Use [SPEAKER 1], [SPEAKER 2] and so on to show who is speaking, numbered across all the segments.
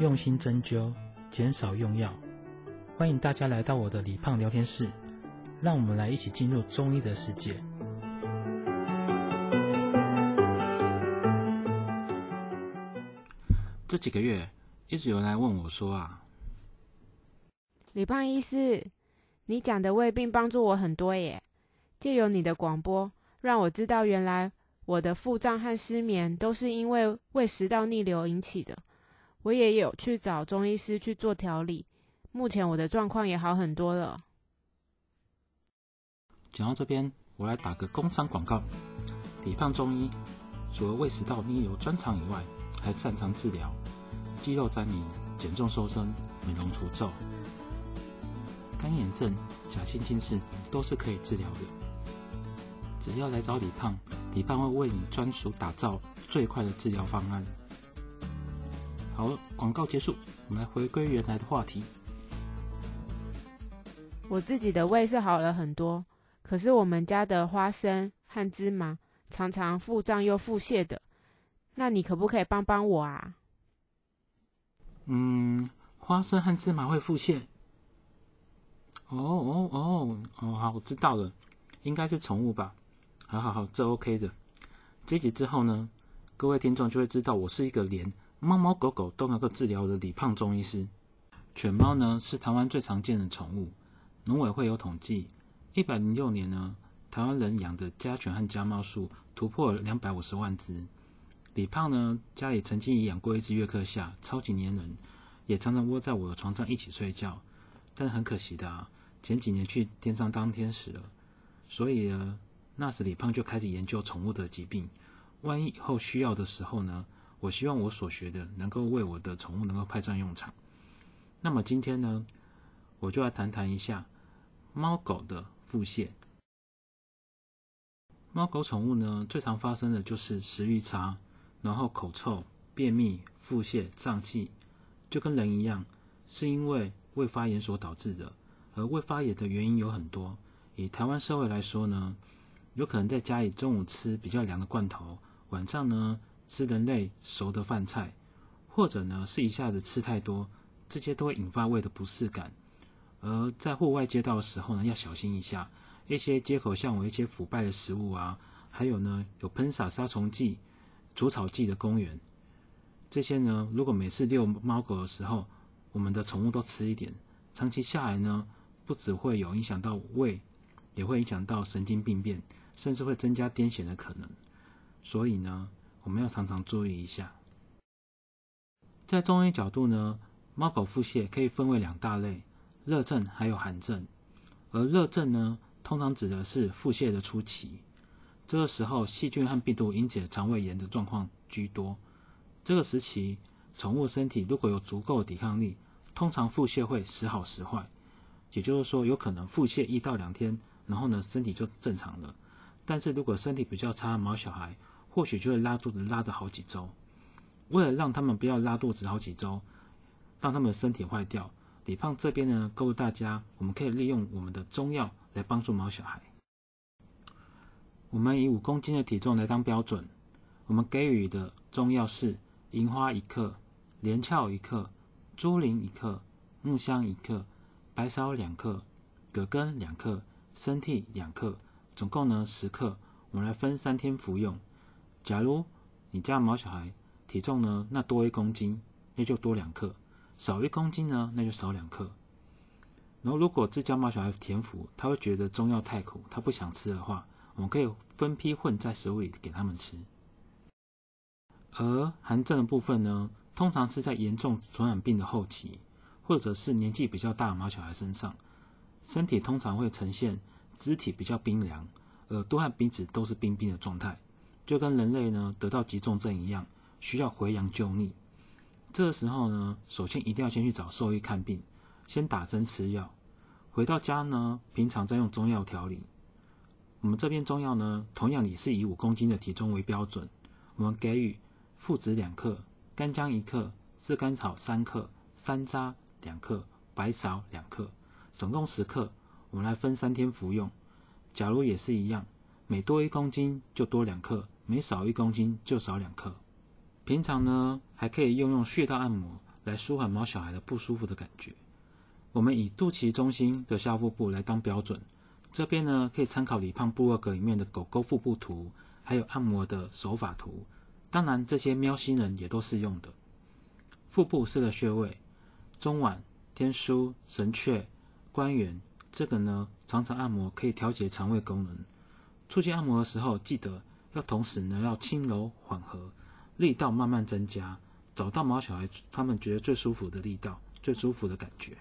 [SPEAKER 1] 用心針灸，減少用藥。歡迎大家來到我的李胖聊天室，讓我們來一起進入中醫的世界。這幾個月一直有人來問我說：“啊，李胖醫師，你講的胃病幫助我很多耶！借由你的廣播，讓我知道原來我的腹脹和失眠都是因為胃食道逆流引起的。”我也有去找中醫師去做調理，目前我的狀況也好很多了。講到這邊，我來打個工商廣告：李胖中醫，除了胃食道逆流專長以外，還擅長治療肌肉粘連、減重瘦身、美容除皺、乾眼症、假性近視，都是可以治療的。只要來找李胖，李胖會為你專屬打造最快的治療方案。好，廣告結束，我們來回歸原來的話題。我自己的胃是好了很多，可是我們家的花生和芝麻常常腹脹又腹瀉的，那你可不可以幫幫我啊？嗯，花生和芝麻會腹瀉？哦哦哦哦，好，我知道了，應該是寵物吧？好好好，這 OK 的。這集之後呢，各位聽眾就會知道我是一個連。貓貓狗狗都能夠治療的李胖中醫師，犬貓呢是台灣最常見的寵物。農委會有統計，一百零六年呢，台灣人養的家犬和家貓數突破兩百五十萬只。李胖呢，家裡曾經也養過一只約克夏，超級黏人，也常常窩在我的床上一起睡覺。但很可惜的啊，前幾年去天上當天使了。所以呢，呃，那時李胖就開始研究寵物的疾病，萬一以後需要的時候呢？我希望我所學的能夠為我的寵物能夠派上用場。那麼今天呢，我就來談談一下貓狗的腹瀉。貓狗寵物呢最常發生的就是食欲差，然後口臭、便秘、腹瀉、脹氣，就跟人一樣，是因為胃發炎所導致的。而胃發炎的原因有很多，以台灣社會來說呢，有可能在家裡中午吃比較涼的罐頭，晚上呢。吃人類熟的飯菜，或者呢是一下子吃太多，這些都會引發胃的不適感。而在戶外街道的時候呢，要小心一下，一些街口像有一些腐敗的食物啊，還有呢有噴灑殺蟲劑、除草劑的公園，這些呢如果每次遛貓狗的時候，我們的寵物都吃一點，長期下來呢，不只會有影響到胃，也會影響到神經病變，甚至會增加癲癇的可能。所以呢。我們要常常注意一下。在中醫角度呢，貓狗腹瀉可以分為兩大類：熱症還有寒症。而熱症呢，通常指的是腹瀉的初期，這個時候細菌和病毒引起腸胃炎的狀況居多。這個時期，寵物身體如果有足夠抵抗力，通常腹瀉會時好時壞，也就是說，有可能腹瀉一到兩天，然後呢，身體就正常了。但是如果身體比較差，毛小孩，或許就會拉肚子，拉的好幾週。為了讓他們不要拉肚子好幾週，讓他們的身體壞掉，李胖這邊呢，告訴大家，我們可以利用我們的中藥來幫助毛小孩。我們以五公斤的體重來當標準，我們給予的中藥是銀花一克、連翹一克、豬苓一克、木香一克、白芍兩克、葛根兩克、生地兩克，總共呢十克，我們來分三天服用。假如你家的毛小孩體重呢，那多一公斤，那就多兩克；少一公斤呢，那就少兩克。然後，如果自家毛小孩填服，他會覺得中藥太苦，他不想吃的話，我們可以分批混在食物裡給他們吃。而寒症的部分呢，通常是在嚴重傳染病的後期，或者是年紀比較大的毛小孩身上，身體通常會呈現肢體比較冰涼，耳朵和鼻子都是冰冰的狀態。就跟人類呢得到急重症一樣，需要回陽救逆。這個時候呢，首先一定要先去找獸醫看病，先打針吃藥。回到家呢，平常再用中藥調理。我們這邊中藥呢，同樣也是以五公斤的體重為標準，我們給予附子兩克、乾薑一克、炙甘草三克、山楂兩克、白芍兩克，總共十克，我們來分三天服用。假如也是一樣，每多一公斤就多兩克。每少一公斤就少兩克。平常呢，還可以用用穴道按摩來舒緩貓小孩的不舒服的感覺。我們以肚臍中心的下腹部來當標準，這邊呢可以參考李胖部落格裡面的狗狗腹部圖，還有按摩的手法圖。當然，這些喵星人也都適用的。腹部四個穴位：中脘、天樞、神闕、關元。這個呢，常常按摩可以調節腸胃功能。促進按摩的時候，記得。要同時呢，要輕柔緩和，力道慢慢增加，找到毛小孩他們覺得最舒服的力道，最舒服的感覺。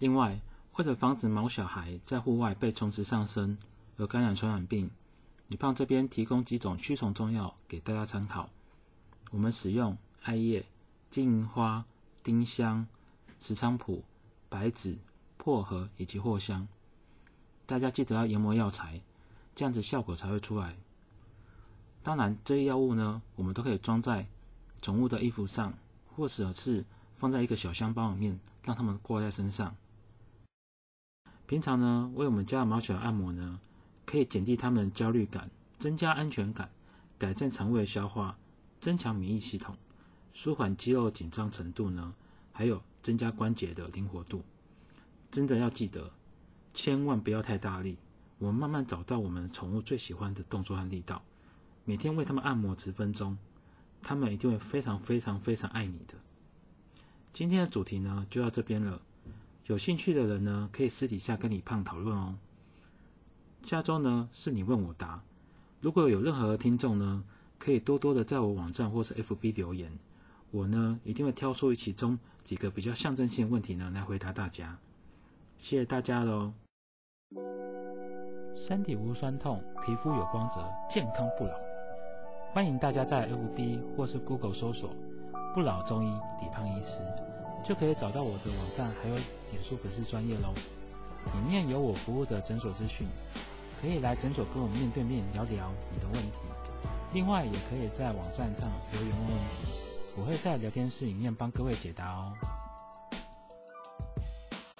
[SPEAKER 1] 另外，為了防止毛小孩在戶外被蟲子上身而感染傳染病，李胖這邊提供幾種驅蟲中藥給大家參考。我們使用艾葉、金銀花、丁香、石菖蒲、白芷、薄荷以及藿香。大家記得要研磨藥材，這樣子效果才會出來。當然，這些藥物呢，我們都可以裝在寵物的衣服上，或者是放在一個小香包裡面，讓它們掛在身上。平常呢，為我們家的毛小孩按摩呢，可以減低它們的焦慮感，增加安全感，改善腸胃消化，增強免疫系統，舒緩肌肉的緊張程度呢，還有增加關節的靈活度。真的要記得，千萬不要太大力，我們慢慢找到我們寵物最喜歡的動作和力道。每天為他們按摩十分鐘，他們一定會非常非常非常愛你的。今天的主題呢，就到這邊了。有興趣的人呢，可以私底下跟李胖討論哦。下周呢，是你問我答。如果有任何的聽眾呢，可以多多的在我網站或是 FB 留言，我呢，一定會挑出其中幾個比較象徵性問題呢，來回答大家。謝謝大家咯。身體無痠痛，皮膚有光澤，健康不老。歡迎大家在 FB 或是 Google 搜索“不老中醫李胖醫師”，就可以找到我的網站，還有臉書粉絲專頁嘍。裡面有我服務的診所資訊，可以來診所跟我面對面聊聊你的問題。另外，也可以在網站上留言問問題，我會在聊天室裡面幫各位解答哦。